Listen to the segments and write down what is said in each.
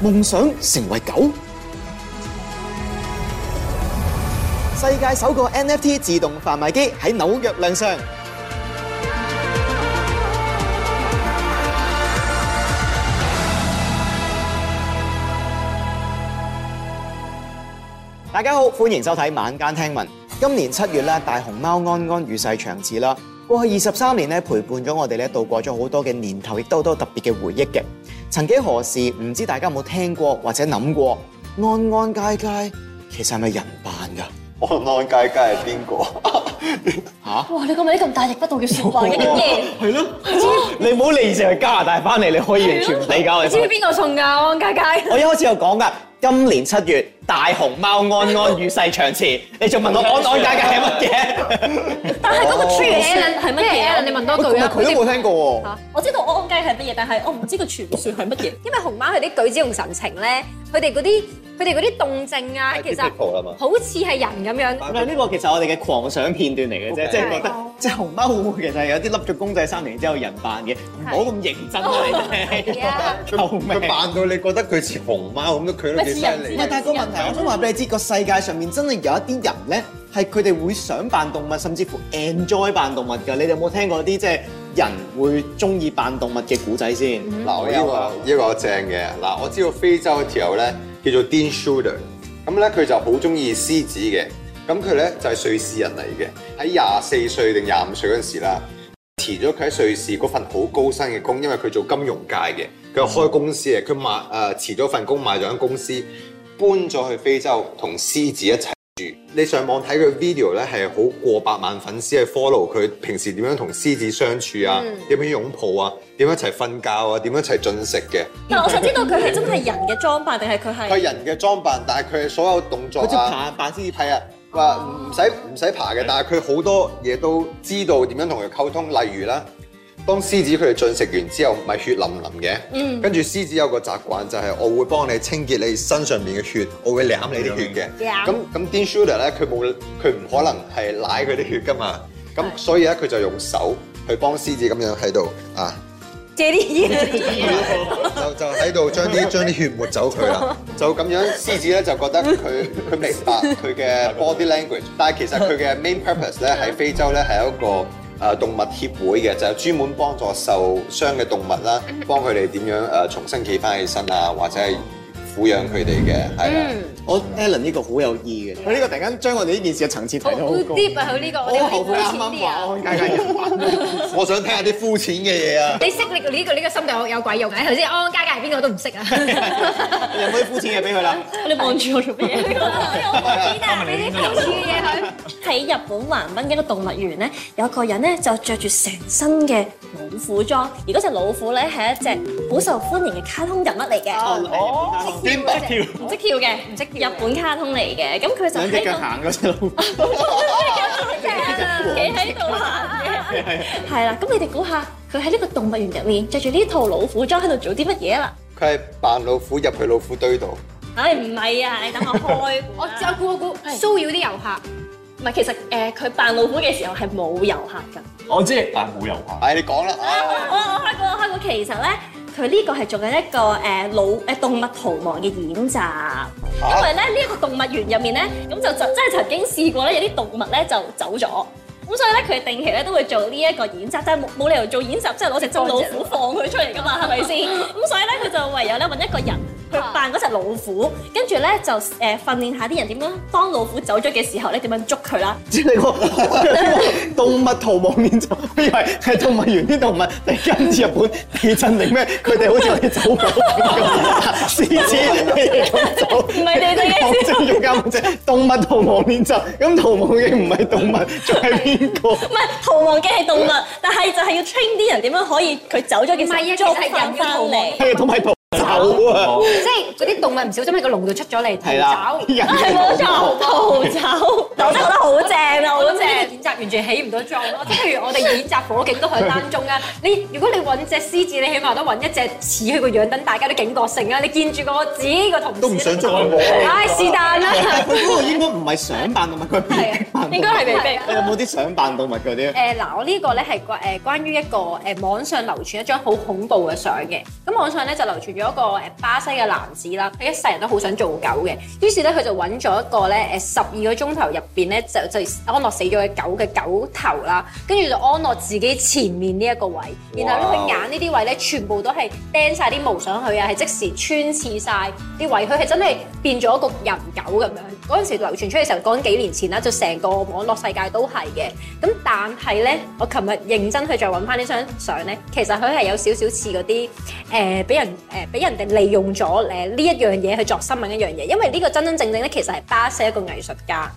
夢想成為狗，世界首個 NFT 自動販賣機喺紐約亮相。大家好，歡迎收睇晚間聽聞。今年七月咧，大熊貓安安與世長辭啦。過去二十三年咧，陪伴咗我哋咧，度過咗好多嘅年頭，亦都好多特別嘅回憶嘅。曾幾何時，唔知道大家有冇聽過或者諗過安安佳佳其實係咪人扮噶？安安佳佳係邊個？哇！你個尾咁大逆不道哇要說話一夜係咯。你唔好你上次加拿大翻嚟，你可以完全唔理解。的我你知唔知邊個送噶安安佳佳！我一開始就講噶，今年七月。大熊貓安安與世長辭，你仲問我安安雞係乜嘢？但係嗰個傳言係乜嘢啊？你問多句啊！佢都冇聽過喎。我知道安安雞係乜嘢，但係我唔知個傳説係乜嘢，因為熊貓佢啲舉止用神情咧。佢哋嗰啲佢哋啲動靜啊，其實好似係人咁樣。呢個其實我哋嘅狂想片段嚟嘅啫，即係覺得即係熊貓會唔會其實有啲笠咗公仔衫嚟之後人扮嘅，唔好咁認真啦，你係啊，救命！佢扮到你覺得佢似熊貓咁都，佢都幾犀利。唔係，但係個問題，我想話俾你知，個世界上面真係有一啲人咧。係佢哋會想扮動物，甚至乎 enjoy 扮動物㗎。你哋有冇聽過啲即係人會中意扮動物嘅古仔先？嗱、嗯，呢、呢個呢、嗯、個正嘅。嗱，我知道非洲條友咧，叫做 Dean Schroeder。咁咧佢就好中意獅子嘅。咁佢咧就係、是、瑞士人嚟嘅。喺廿四歲定廿五歲嗰陣時啦，辭咗佢喺瑞士嗰份好高薪嘅工，因為佢做金融界嘅，佢開公司嘅。佢賣誒辭咗份工，賣咗間公司，搬咗去非洲同獅子一齊。你上網睇佢 video 咧，係好過百萬粉絲去 follow 佢，fo 平時點樣同獅子相處啊？點、嗯、樣擁抱啊？點樣一齊瞓覺啊？點樣一齊進食嘅？嗱，我想知道佢係真係人嘅裝扮，定係佢係？佢人嘅裝扮，但係佢所有動作啊，爬扮獅子，係啊，話唔使唔使爬嘅，但係佢好多嘢都知道點樣同佢溝通，例如啦。當獅子佢哋進食完之後，咪血淋淋嘅。嗯。跟住獅子有個習慣就係、是，我會幫你清潔你身上面嘅血，我會舐你啲血嘅。咁咁、嗯嗯嗯嗯嗯、Dean Schneider 咧，佢冇，佢唔可能係舐佢啲血噶嘛。咁所以咧，佢就用手去幫獅子咁樣喺度啊。借啲嘢。就就喺度將啲將啲血抹走佢啦。就咁樣，獅子咧就覺得佢佢明白佢嘅 body language。但係其實佢嘅 main purpose 咧喺非洲咧係一個。誒動物協會嘅就係、是，專門幫助受傷嘅動物啦，幫佢哋點樣誒重新企返起身啊，或者撫養佢哋嘅，係啦。我 Alan 呢個好有意嘅，佢呢個突然間將我哋呢件事嘅層次提得好高。我後悔啱啱安家我想聽下啲膚淺嘅嘢啊！你識你呢個呢個心計有鬼用啊！頭先安家家係邊個都唔識啊！你有冇啲膚淺嘅嘢俾佢啦？你望住我做咩嘢？我唔知㗎，你啲膚淺嘅嘢，佢喺日本橫濱嘅一個動物園咧，有個人咧就着住成身嘅老虎裝，而嗰隻老虎咧係一隻好受歡迎嘅卡通人物嚟嘅。唔識跳嘅，唔識日本卡通嚟嘅，咁佢就兩隻腳行嘅啫。企喺度行嘅，係啦。咁你哋估下，佢喺呢個動物園入面着住呢套老虎裝喺度做啲乜嘢啦？佢係扮老虎入去老虎堆度。唉，唔係啊，你等我開，我再估一估，騷擾啲遊客。唔係，其實誒，佢扮老虎嘅時候係冇遊客㗎。我知扮冇遊客。係你講啦。我我開個開個，其實咧。佢呢個係做緊一個誒老誒動物逃亡嘅演習，啊、因為咧呢一、呢個動物園入面咧，咁就真係曾經試過咧有啲動物咧就走咗，咁所以咧佢定期咧都會做呢一個演習，即係冇理由做演習即係攞隻真隻老虎放佢出嚟㗎嘛，係咪先？咁、 嗯、所以咧佢就唯有咧搵一個人。佢扮嗰隻老虎，跟住咧就誒、呃、訓練下啲人點樣當老虎走咗嘅時候咧點樣捉佢啦？即係個動物逃亡練習，因為係動物園啲動物突然之間日本地震定咩？佢哋好似可以逃跑咁，獅子咩走？唔係地震嘅獅子逃走啫。動物逃亡練習，咁逃亡嘅唔係動物，仲係邊個？唔係 逃亡嘅係動物，但係就係要 train 啲人點樣可以佢走咗嘅時候捉人翻嚟。係啊，同埋逃，逃，逃，逃走。即係嗰啲動物唔小心喺個籠度出咗嚟走，係冇錯逃走，我真覺得好正啊！好正，演習完全起唔到作用咯。即係譬如我哋演習火警都係當中啊。你如果你揾隻獅子，你起碼都揾一隻似佢個樣，等大家都警覺性啊。你見住個子個同事都唔想做。唉，是但啦。佢嗰個應該唔係想扮動物，佢避避扮。應該係未必。你有冇啲想扮動物嗰啲？誒嗱，我呢個咧係個誒關於一個誒網上流傳一張好恐怖嘅相嘅。咁網上咧就流傳咗一個誒。巴西嘅男子啦，佢一世人都好想做狗嘅，於是咧佢就揾咗一個咧，誒十二個鐘頭入邊咧就就安樂死咗嘅狗嘅狗頭啦，跟住就安樂自己前面呢一個位，Wow. 然後咧佢眼呢啲位咧全部都係釘晒啲毛上去啊，係即時穿刺晒啲位，佢係真係變咗一個人狗咁樣。嗰陣時流傳出嚟時候，講緊幾年前啦，就成個網絡世界都係嘅。咁但係咧，我琴日認真去再揾翻呢張相咧，其實佢係有少少似嗰啲誒俾人誒俾、呃、人哋。利用咗誒呢一樣嘢去作新聞一樣嘢，因為呢個真真正正咧，其實係巴西一個藝術家，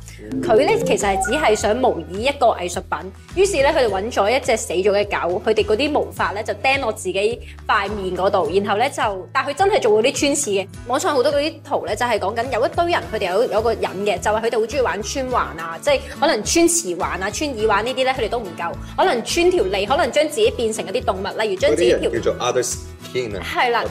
佢咧其實係只係想模擬一個藝術品，於是咧佢哋揾咗一隻死咗嘅狗，佢哋嗰啲毛髮咧就釘落自己塊面嗰度，然後咧就，但佢真係做過啲穿刺嘅。網上好多嗰啲圖咧就係講緊有一堆人，佢哋有有個癮嘅，就係佢哋好中意玩穿環啊，即係可能穿臍環啊、穿耳環呢啲咧，佢哋都唔夠，可能穿條脷，可能將自己變成一啲動物，例如將自己叫做係啦，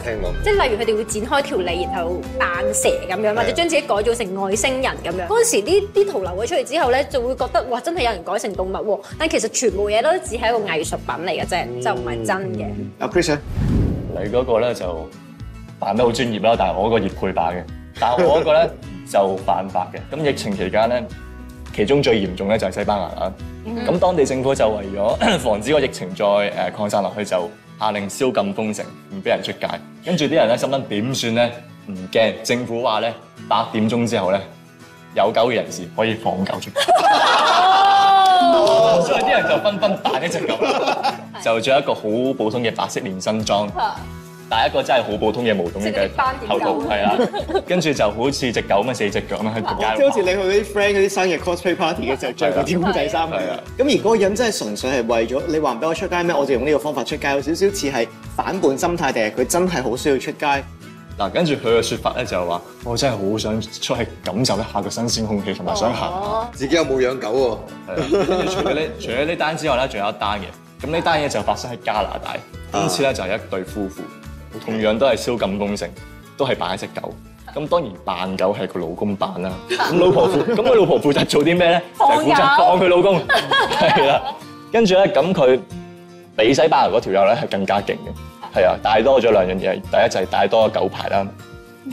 即係例如佢哋會剪開條脷，然後扮蛇咁樣，的或者將自己改造成外星人咁樣。嗰陣的時，呢啲潮流行出嚟之後咧，就會覺得哇，真係有人改成動物喎。但其實全部嘢都只係一個藝術品嚟嘅啫，就唔係真嘅。啊，Chris Sir，你嗰個咧就扮得好專業啦，但係我個熱配扮嘅，但係我嗰個咧 就扮白嘅。咁疫情期間咧。其中最嚴重咧就係西班牙啦，咁、嗯、哼當地政府就為咗 防止個疫情再誒擴散落去，就下令宵禁封城，唔俾人出街。跟住啲人咧心諗點算咧？唔驚，政府話咧八點鐘之後咧，有狗嘅人士可以放狗出街。所以啲人就紛紛帶一隻狗，就着一個好普通嘅白色連身裝。 第一個真係好普通嘅毛筒嘅狗頭套，係啦，了 跟住就好似隻狗咁啊，四隻腳啦，喺度街即係好似你去啲 friend 嗰啲生日 cosplay party 嘅時候着個公仔衫咁。咁 而嗰個人真係純粹係為咗你話俾我出街咩？ 我就用呢個方法出街，有少少似係反叛心態定係佢真係好需要出街嗱。跟住佢嘅説法咧就係話：我真係好想出去感受一下個新鮮空氣，同埋想行 自己有冇養狗、啊 除？除咗呢除咗呢單之外咧，仲有一單嘅。咁呢單嘢就發生喺加拿大， 今次咧就係一對夫婦。同樣都係燒禁工成，都係扮一隻狗。咁當然扮狗係佢老公扮啦。咁老婆，咁佢老婆負責做啲咩咧？就負責放佢狗老公。係啦， 跟住咧，咁佢比西班牙嗰條友咧係更加勁嘅。係啊，帶多咗兩樣嘢。第一就係、是、帶多個狗牌啦，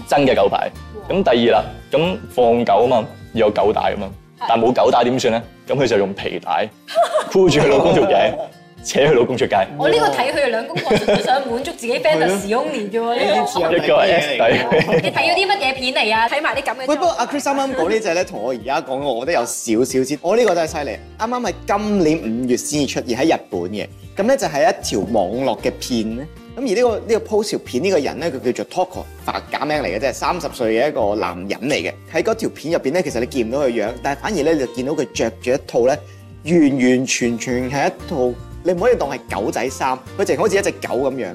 真嘅狗牌。咁 第二啦，咁放狗啊嘛，要有狗帶啊嘛。但係冇狗帶點算咧？咁佢 就用皮帶箍住佢老公條頸，扯佢老公出街。我呢個睇佢哋兩公婆想滿足自己 b a n d 嘅時空年啫喎，呢個好犀利嘅。一你睇咗啲乜嘢片嚟啊？睇埋啲噉嘅。喂，不過阿 Chris 啱啱講呢隻咧，同 我而家講嘅，我都有少少先。我呢個真係犀利，啱啱係今年五月先至出現喺日本嘅。咁咧就係一條網絡嘅片咧。咁而呢、呢個呢、呢個 post 條片呢個人咧，佢叫做 Tokyo 假、er, 名嚟嘅，即係三十歲嘅一個男人嚟嘅。喺嗰條片入邊咧，其實你見唔到佢樣，但係反而咧，你就見到佢着住一套咧，完完全全係一套。你唔可以當係狗仔衫，佢淨係好似一隻狗咁樣。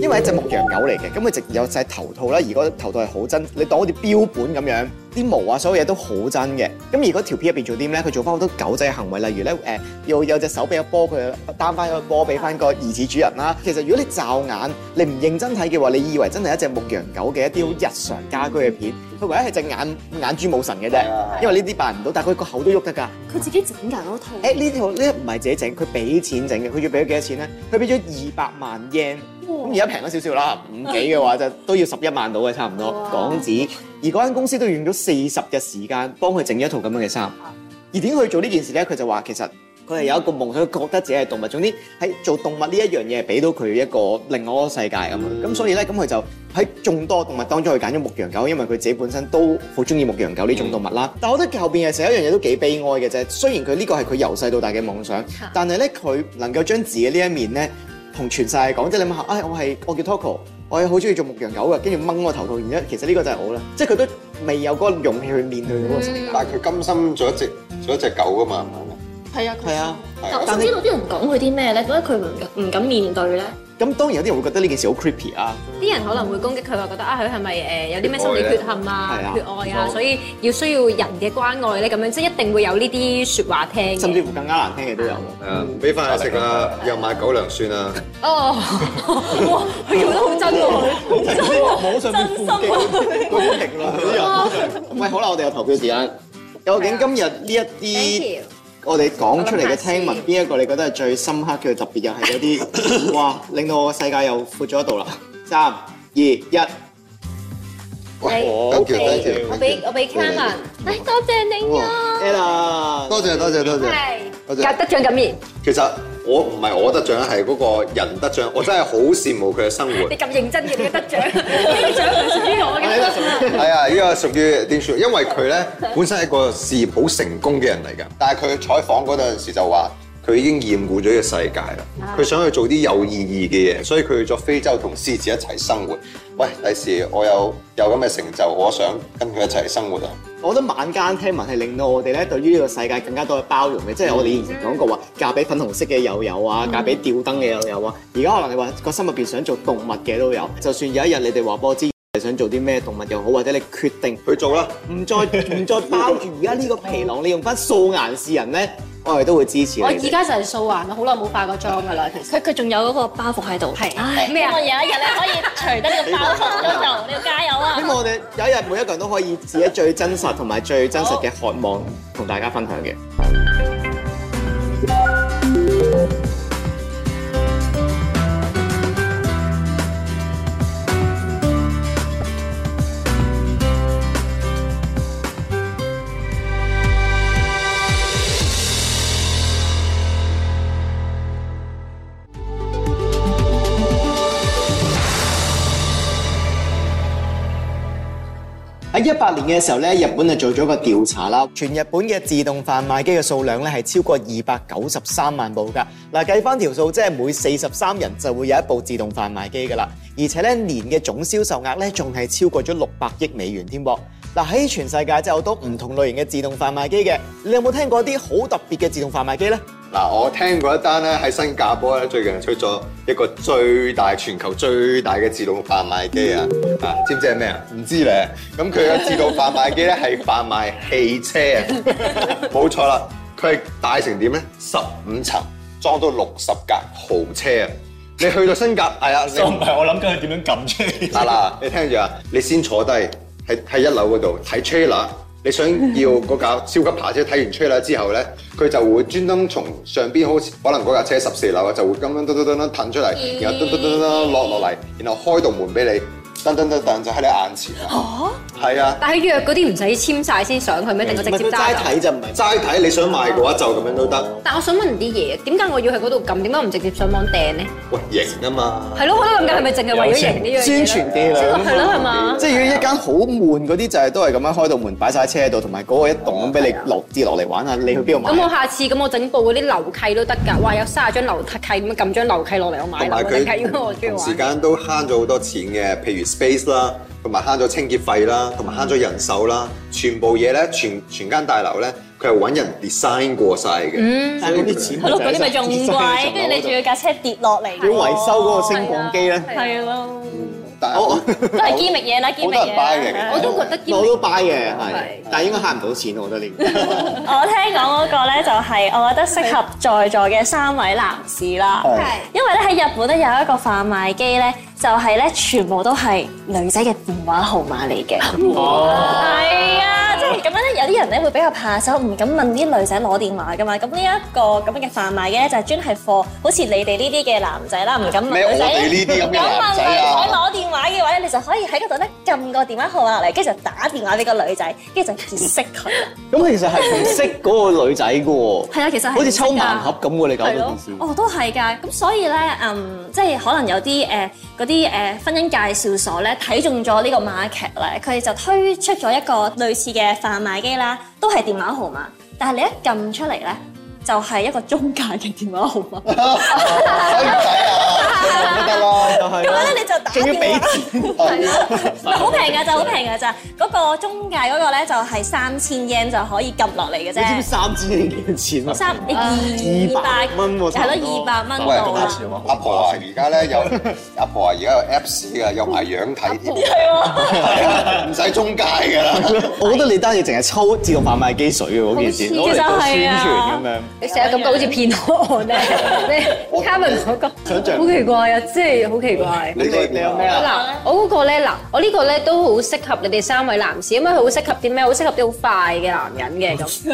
因為一隻牧羊狗嚟嘅，咁佢直有隻頭套啦，如果頭套係好真，你當好似標本咁樣，啲毛啊所有嘢都好真嘅。咁如果條片入邊做啲咩咧？佢做翻好多狗仔嘅行為，例如咧，誒、呃，有有隻手俾個波佢，擔翻個波俾翻個疑似主人啦。其實如果你驟眼，你唔認真睇嘅話，你以為真係一隻牧羊狗嘅一啲好日常家居嘅片，佢唯一係隻眼眼珠冇神嘅啫。因為呢啲扮唔到，但係佢個口都喐得噶。佢自己整噶嗰套？誒、欸，呢套呢唔係自己整，佢俾錢整嘅。佢要俾咗幾多錢咧？佢俾咗二百萬日圓。咁而家平咗少少啦， 五幾嘅話就都要十一萬到嘅差唔多港紙， 而嗰間公司都用咗四十日時間幫佢整一套咁樣嘅衫。而點去做呢件事呢？佢就話其實佢係有一個夢想，嗯、佢覺得自己係動物。總之喺做動物呢一樣嘢，俾到佢一個另外一個世界咁咁、嗯、所以呢，咁佢就喺眾多動物當中，去揀咗牧羊狗，因為佢自己本身都好中意牧羊狗呢種動物啦。嗯、但我覺得後邊係成一樣嘢都幾悲哀嘅啫。雖然佢呢個係佢由細到大嘅夢想，但係呢，佢能夠將自己呢一面呢，同全世界講，即係你問下，哎，我係我叫 Toco，我係好中意做牧羊狗嘅，跟住掹我頭套，然之後其實呢個就係我啦，即係佢都未有嗰個勇氣去面對嗰個身份。嗯、但係佢甘心做一隻做一隻狗噶嘛，係咪？係啊係啊。但係唔知嗰啲人講佢啲咩咧？點解佢唔唔敢面對咧？咁當然有啲人會覺得呢件事好 creepy 啊！啲人可能會攻擊佢話覺得啊，佢係咪誒有啲咩心理缺陷啊，缺愛啊，所以要需要人嘅關愛咧咁樣，即係一定會有呢啲説話聽，甚至乎更加難聽嘅都有。誒，俾飯我食啦，又買狗糧算啦。哦，哇，佢講得好真喎，真喎，網上邊負極嗰啲人。喂，好啦，我哋有投票時間。究竟今日呢一啲我哋講出嚟嘅聽聞，邊一個你覺得係最深刻嘅特別又係嗰啲，哇！令到我個世界又闊咗一度啦。三、二、一，九條，九條。我俾我俾卡文，多謝你啊！得啦，多謝多謝多謝，得獎感言，其實。我唔係我得獎，係嗰個人得獎。我真係好羨慕佢嘅生活。你咁認真嘅，你嘅得獎呢個獎唔屬於我嘅。係啊，呢個屬於 Denzel，因為佢咧本身係個事業好成功嘅人嚟㗎。但係佢採訪嗰陣時候就話。佢已經厭惡咗呢個世界啦，佢想去做啲有意義嘅嘢，所以佢去咗非洲同獅子一齊生活。喂，第時我有有咁嘅成就，我想跟佢一齊生活啊！我覺得晚間聽聞係令到我哋咧對於呢個世界更加多嘅包容嘅，即係我哋以前講過話嫁俾粉紅色嘅又有啊，嫁俾吊燈嘅又有啊。而家可能你話個心入邊想做動物嘅都有，就算有一日你哋話俾我知係想做啲咩動物又好，或者你決定去做啦，唔再唔再包住而家呢個皮囊，你用翻素顏示人咧？我哋都會支持你哋啊。我而家就係素顏，我好耐冇化過妝㗎喇，其實。佢佢仲有嗰個包袱喺度，係咩啊？唉希望有一日你可以除得呢個包袱，都 就你要加油啊！希望我哋有一日每一個人都可以自己最真實同埋最真實嘅渴望同大家分享嘅。喺一八年嘅時候咧，日本就做咗個調查啦。全日本嘅自動販賣機嘅數量咧係超過二百九十三萬部㗎。嗱，計翻條數，即係每四十三人就會有一部自動販賣機㗎啦。而且咧，年嘅總銷售額咧仲係超過咗六百億美元添噃。嗱，喺全世界即係好多唔同類型嘅自動販賣機嘅，你有冇聽過一啲好特別嘅自動販賣機呢？嗱，我聽過一單咧，喺新加坡咧，最近出咗一個最大，全球最大嘅自動販賣機啊！嗯、啊，知唔知係咩啊？唔知咧。咁佢嘅自動販賣機咧係販賣汽車啊！冇 錯啦，佢係大成點咧？十五層，裝到六十架豪車啊！你去到新加坡，係、哎、啊，你唔係，我諗緊係點樣撳出嗱，嗱， 你聽住啊，你先坐低，喺係一樓嗰度睇 trailer。你想要嗰架超級跑車，睇完出嚟之後呢，佢就會專登從上邊，可能嗰架車十四樓，就會咁樣噔噔噔噔騰出嚟，然後噔噔噔噔落落嚟，然後開道門俾你。等等等等就喺你眼前啦。嚇，係啊。但係約嗰啲唔使簽晒先上去咩？定直接齋睇就唔係齋睇。你想買嘅話就咁樣都得。但我想問啲嘢，點解我要喺嗰度撳？點解唔直接上網訂呢？喂，型啊嘛。係咯，我覺得咁解係咪淨係為咗型呢樣嘢咧？宣傳啲啦，係咯係嘛？即係如果一間好悶嗰啲就係都係咁樣開到門擺晒車度，同埋嗰個一棟咁俾你落跌落嚟玩下。你去邊度買？咁我下次咁我整部嗰啲樓契都得㗎。哇！有卅張樓契，咁撳張樓契落嚟我買啦。同埋佢時間都慳咗好多錢嘅，譬如。space 啦，同埋慳咗清潔費啦，同埋慳咗人手啦，全部嘢咧，全全間大樓咧，佢係揾人 design 過晒嘅，所以嗰啲錢唔抵晒。係咯，嗰啲咪仲貴，跟住你仲要架車跌落嚟。要維修嗰個升降機咧，係咯，都係 gimmick 嘢啦 gimmick 嘢。我都覺得 gimmick，我都 buy 嘅，係，但係應該慳唔到錢，我覺得呢個。我聽講嗰個咧，就係我覺得適合在座嘅三位男士啦，係，因為咧喺日本咧有一個販賣機咧。就係咧，全部都係女仔嘅電話號碼嚟嘅。哦，係啊，即係咁樣咧，有啲人咧會比較怕羞，唔敢問啲女仔攞電話噶嘛。咁呢一個咁嘅販賣嘅咧，就係專係貨，好似你哋呢啲嘅男仔啦，唔敢問女仔。你我哋呢啲咁嘅男仔啊！唔敢問女仔攞電話嘅話，你就可以喺嗰度咧撳個電話號碼落嚟，跟住就打電話俾個女仔，跟住就結識佢。咁其實係唔識嗰個女仔嘅喎。係啊，其實好似抽盲盒咁喎，你搞呢件事。係咯。哦，都係㗎。咁所以咧，嗯，即係可能有啲誒嗰啲。啲誒、呃、婚姻介紹所咧睇中咗呢個 market 咧，佢哋就推出咗一個類似嘅販賣機啦，都係電話號碼，但係你一撳出嚟咧。就係一個中介嘅電話號碼，睇下都得啦，就係。咁樣咧你就打電話，仲要俾錢，唔係好平嘅，就好平嘅咋？嗰個中介嗰個咧就係三千 yen 就可以撳落嚟嘅啫。三千 yen 幾錢啊？三二百蚊喎，係咯，二百蚊喎。阿婆話而家咧有，阿婆話而家有 Apps 嘅，有埋樣睇，唔使中介㗎啦。我覺得你單嘢淨係抽自動販賣機水嘅嗰件事，我覺得好宣傳咁樣。你成日感覺好似騙我咧，你 Kevin 嗰個，想象，好奇怪啊，即係好奇怪。奇怪你你你有咩啊？嗱， 我嗰個咧，嗱，我呢個咧都好適合你哋三位男士，咁樣佢好適合啲咩？好適合啲好快嘅男人嘅咁。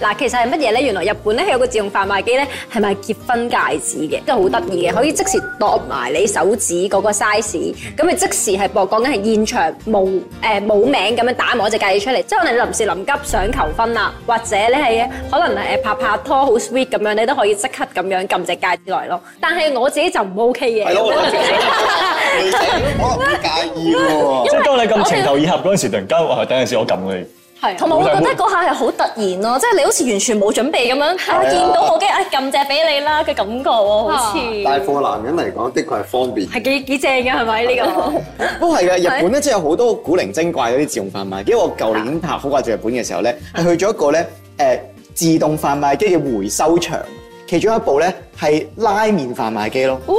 嗱， 其實係乜嘢咧？原來日本咧有個自動販賣機咧，係賣結婚戒指嘅，真係好得意嘅，可以即時度埋你手指嗰個 size，咁咪即時係博講緊係現場冇誒冇名咁樣打埋一隻戒指出嚟，即係可能你臨時臨急想求婚啦，或者咧係可能。誒拍拍拖好 sweet 咁樣，你都可以即刻咁樣撳隻戒指來咯。但係我自己就唔 OK 嘅。係咯，我自己。唔好介意喎。即當你咁情投意合嗰陣時，突然間，等陣時我撳你。係。同埋我覺得嗰下係好突然咯，即係你好似完全冇準備咁樣見到我嘅誒撳隻俾你啦嘅感覺喎，好似。大個男人嚟講，的確係方便。係幾幾正嘅係咪呢個？都係嘅，日本咧真係好多古靈精怪嗰啲自動販賣。因為我舊年拍《苦瓜》做日本嘅時候咧，係去咗一個咧誒。自動販賣機嘅回收場，其中一部咧係拉麵販賣機咯。哦，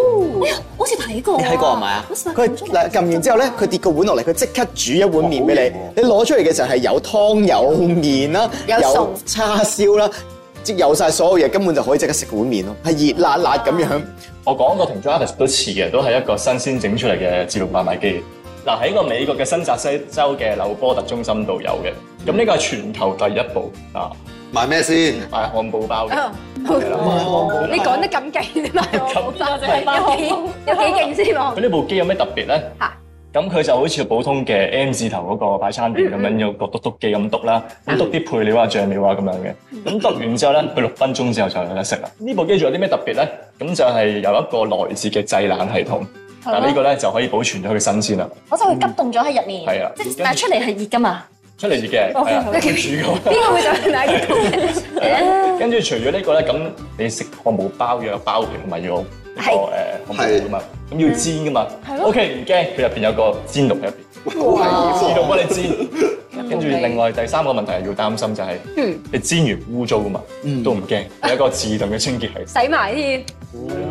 好似睇過，你睇過係咪啊？佢撳完之後咧，佢跌個碗落嚟，佢即刻煮一碗麵俾你。哦哦、你攞出嚟嘅時候係有湯有麵啦，有叉燒啦，即有晒所有嘢，根本就可以即刻食碗麵咯，係熱辣辣咁樣。嗯、我講過，The z o j a 都似嘅，都係一個新鮮整出嚟嘅自動販賣機。嗱、啊、喺個美國嘅新澤西州嘅紐波特中心度有嘅，咁呢個係全球第一部啊。買咩先？買漢堡包嘅。買漢堡。你講得咁勁，買漢堡包啫。有幾有幾勁先？佢呢部機有咩特別咧？咁佢就好似普通嘅 M 字頭嗰個擺餐盤咁樣，有個篤篤機咁篤啦，咁篤啲配料啊、醬料啊咁樣嘅。咁篤完之後咧，佢六分鐘之後就有得食啦。呢部機仲有啲咩特別咧？咁就係有一個內置嘅製冷系統，嗱、呢個咧就可以保存咗佢新鮮啦。我就會急凍咗喺入面，即係但係出嚟係熱㗎嘛。出嚟食嘅。係啊，邊個會做奶蓋？跟住除咗呢個咧，咁你食漢冇包嘅有包皮，同埋要係誒嘅嘛，咁要煎嘅嘛，OK，唔驚，佢入邊有個煎爐喺入邊，自動幫你煎。跟住另外第三個問題係要擔心就係，你煎完污糟嘅嘛，都唔驚，有個自動嘅清潔係洗埋添，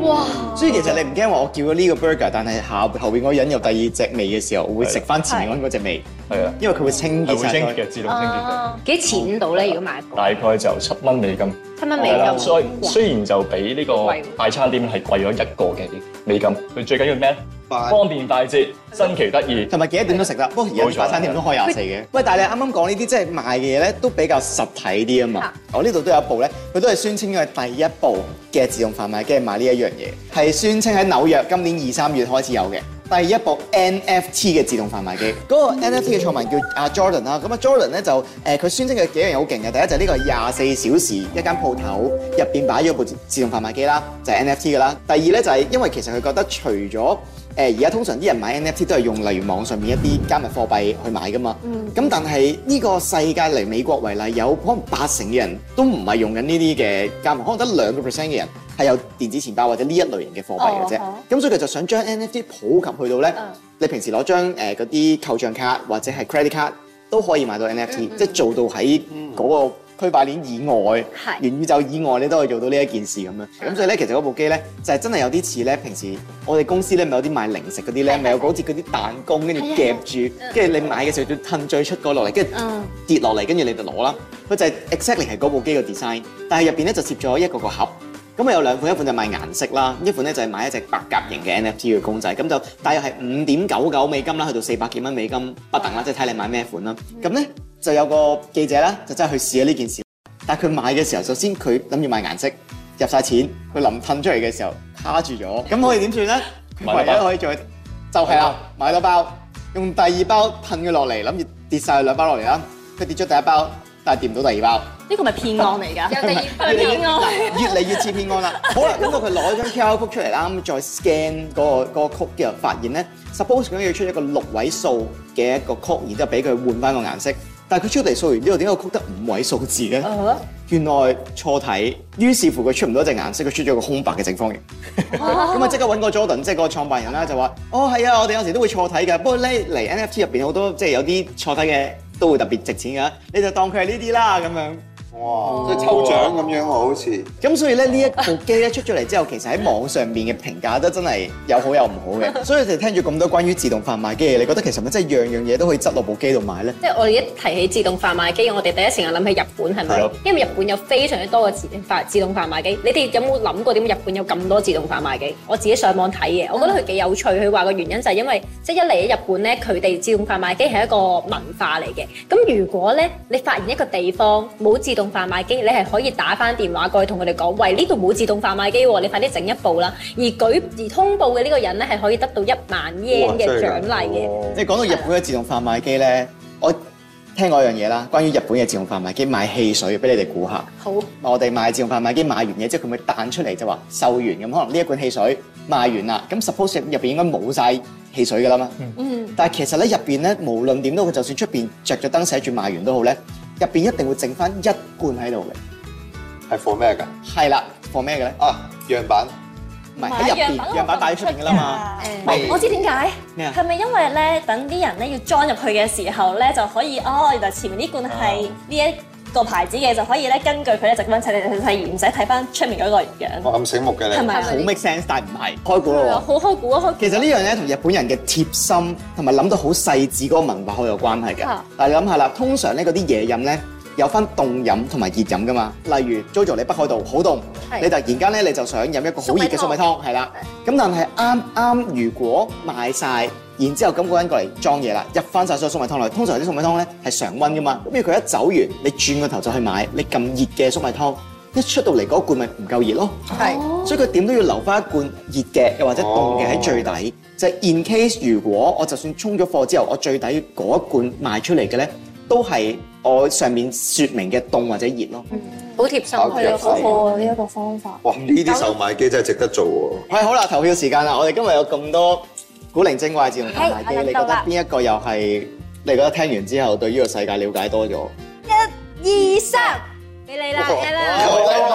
哇！所以其實你唔驚我叫咗呢個 burger，但係後後邊我引入第二隻味嘅時候，我會食翻前面嗰隻味。係啊，因為佢會清潔嘅自動清潔。幾錢到咧？如果買一部大概就七蚊美金。七蚊美金。所以雖然就比呢個快餐店係貴咗一個嘅美金，佢最緊要咩？方便快捷，新奇得意，同埋幾多點都食得。不過而家快餐店都開廿四嘅。喂，但係你啱啱講呢啲即係賣嘅嘢咧，都比較實體啲啊嘛。我呢度都有一部咧，佢都係宣稱嘅第一部嘅自動販賣機買呢一樣嘢，係宣稱喺紐約今年二三月開始有嘅。第一部 NFT 嘅自動販賣機，嗰、那個 NFT 嘅創辦叫阿 Jordan 啦。咁啊 Jordan 咧就誒佢宣稱嘅幾樣好勁嘅，第一就係呢個廿四小時一間鋪頭入邊擺咗部自動販賣機啦，就係、是、NFT 噶啦。第二咧就係因為其實佢覺得除咗誒而家通常啲人買 NFT 都係用例如網上面一啲加密貨幣去買噶嘛。咁、嗯、但係呢個世界嚟美國為例，有可能八成嘅人都唔係用緊呢啲嘅加密，可能得兩個 percent 嘅人。係有電子錢包或者呢一類型嘅貨幣嘅啫。咁所以佢就想將 NFT 普及去到咧，你平時攞張誒嗰啲扣賬卡或者係 credit card 都可以買到 NFT，即係做到喺嗰個區塊鏈以外、元宇宙以外，你都可以做到呢一件事咁樣。咁所以咧，其實嗰部機咧就係真係有啲似咧平時我哋公司咧咪有啲賣零食嗰啲咧，咪有嗰支嗰啲彈弓，跟住夾住，跟住你買嘅時候要噴最出個落嚟，跟住跌落嚟，跟住你就攞啦。佢就係 exactly 係嗰部機嘅 design，但係入邊咧就攝咗一個個盒。咁啊，有兩款，一款就賣顏色啦，一款咧就係買一隻白甲型嘅 NFT 嘅公仔，咁就大約係五點九九美金啦，去到四百幾蚊美金不等啦，即係睇你買咩款啦。咁咧就有個記者咧，就真係去試下呢件事。但係佢買嘅時候，首先佢諗住買顏色，入晒錢，佢臨噴出嚟嘅時候卡住咗。咁可以點算咧？唯一可以做就係啦，吧買多包，用第二包噴佢落嚟，諗住跌晒兩包落嚟啦，佢跌咗第一包。掂到第二包？呢個咪騙案嚟㗎？有第二騙越嚟越似騙 案啦。好啦，咁到佢攞張 QR code，出嚟啦，咁再 scan 嗰、嗰個曲，嘅、那個，後發現咧，suppose 咁要出一個六位數嘅一個曲，然之後俾佢換翻個顏色。但係佢出嚟數完之後，點解個曲得五位數字嘅？Uh huh. 原來錯體。於是乎佢出唔到一隻顏色，佢出咗一個空白嘅正方形。咁啊、uh，即、huh. 刻揾個 Jordan，即係嗰個創辦人啦，uh huh. 就話：哦，係啊，我哋有時都會錯體㗎。不過咧，嚟 NFT 入邊好多，即係有啲錯體嘅。都會特別值錢㗎，你就當佢係呢啲啦，咁樣。哇！即係抽獎咁樣喎，好似咁，所以咧呢一部機咧出咗嚟之後，其實喺網上面嘅評價都真係有好有唔好嘅。 所以你聽咗咁多關於自動販賣機嘅，你覺得其實咪真係樣樣嘢都可以執落部機度買咧？即係我哋一提起自動販賣機，我哋第一時間諗起日本係咪？是是的因為日本有非常之多嘅自動販自動販賣機。你哋有冇諗過點解日本有咁多自動販賣機？我自己上網睇嘅，我覺得佢幾有趣。佢話個原因就係因為，即係一嚟喺日本咧，佢哋自動販賣機係一個文化嚟嘅。咁如果咧你發現一個地方冇自動販賣機，你係可以打翻電話過去同佢哋講，喂，呢度冇自動販賣機，你快啲整一部啦。而舉而通報嘅呢個人咧係可以得到一萬 yen 嘅獎勵嘅。即係講到日本嘅自動販賣機咧，我聽過一樣嘢啦，關於日本嘅自動販賣機賣汽水，俾你哋估下。好，我哋賣自動販賣機買完嘢之後，佢會彈出嚟，就話售完咁，可能呢一罐汽水賣完啦。咁 suppose 入邊應該冇晒汽水噶啦嘛。嗯，但係其實咧入邊咧無論點都，佢就算出邊着咗燈寫住賣完都好咧，入邊一定會剩翻一。罐喺度嘅，係放咩嘅？係啦，放咩嘅咧？啊，樣板，唔係喺入邊，樣板帶出面嘅啦嘛。我知點解咩啊？係咪因為咧，等啲人咧要裝入去嘅時候咧，就可以哦，原來前面啲罐係呢一個牌子嘅，就可以咧根據佢咧就咁樣砌砌砌，而唔使睇翻出面嗰個樣。哇，咁醒目嘅，係咪好 make sense？但唔係開估咯，好開估！其實呢樣咧同日本人嘅貼心同埋諗到好細緻嗰個文化好有關係嘅。但係你諗下啦，通常咧嗰啲嘢飲咧。有分凍飲同埋熱飲噶嘛？例如 Jojo，jo，你北海道好凍，的你突然間咧你就想飲一個好熱嘅粟米湯，係啦。咁的的但係啱啱如果賣晒，然之後咁嗰個人過嚟裝嘢啦，入翻晒所有粟米湯落。通常啲粟米湯咧係常溫噶嘛。咁要佢一走完，你轉個頭就去買，你咁熱嘅粟米湯一出到嚟嗰罐咪唔夠熱咯。係。Oh，所以佢點都要留翻一罐熱嘅，又或者凍嘅喺最底，Oh，就係 in case 如果我就算充咗貨之後，我最底嗰一罐賣出嚟嘅咧都係。我上面說明嘅凍或者熱咯，好貼心啊！好好啊，呢一個方法。哇，呢啲售賣機真係值得做喎。係好啦，投票時間啦！我哋今日有咁多古靈精怪嘅自動售賣機，你覺得邊一個又係你覺得聽完之後對呢個世界了解多咗？一、二、三，俾你啦，Ellen！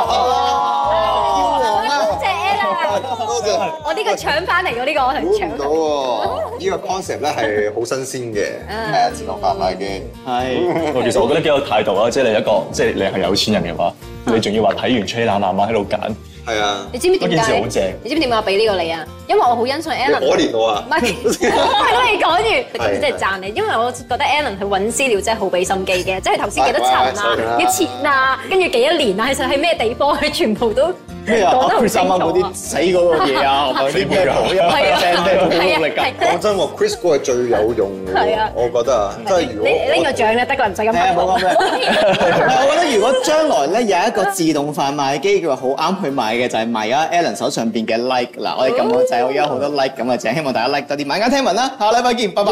好，多謝 Ellen，我呢個搶翻嚟㗎呢個，搶到啊！呢個 concept 咧係好新鮮嘅，係啊，前浪後浪嘅。係，其實我覺得幾有態度啊！即係你一個，即係你係有錢人嘅話，你仲要話睇完吹冷冷冷喺度揀，係啊！你知唔知點？件事好正。你知唔知點解我俾呢個你啊？因為我好欣賞 Allen。可憐我啊！我都未講完，即係讚你，因為我覺得 Allen 去揾資料真係好俾心機嘅，即係頭先幾多層啊，幾錢啊，跟住幾多年啊，其實喺咩地方，佢全部都。咩啊？Chris 啊嘛，嗰啲死嗰個嘢啊，呢盤講一聲聲好努力㗎。講真喎，Chris 哥係最有用嘅，我覺得啊，即係如果呢個獎咧得個唔使咁。唔好講咩。唔係，我覺得如果將來咧有一個自動販賣機，佢話好啱去買嘅就係賣咗！Alan 手上邊嘅 Like 嗱，我哋咁就係我而家好多 Like 咁嘅就希望大家 Like 多啲，買啱聽聞啦，下個禮拜見，拜拜。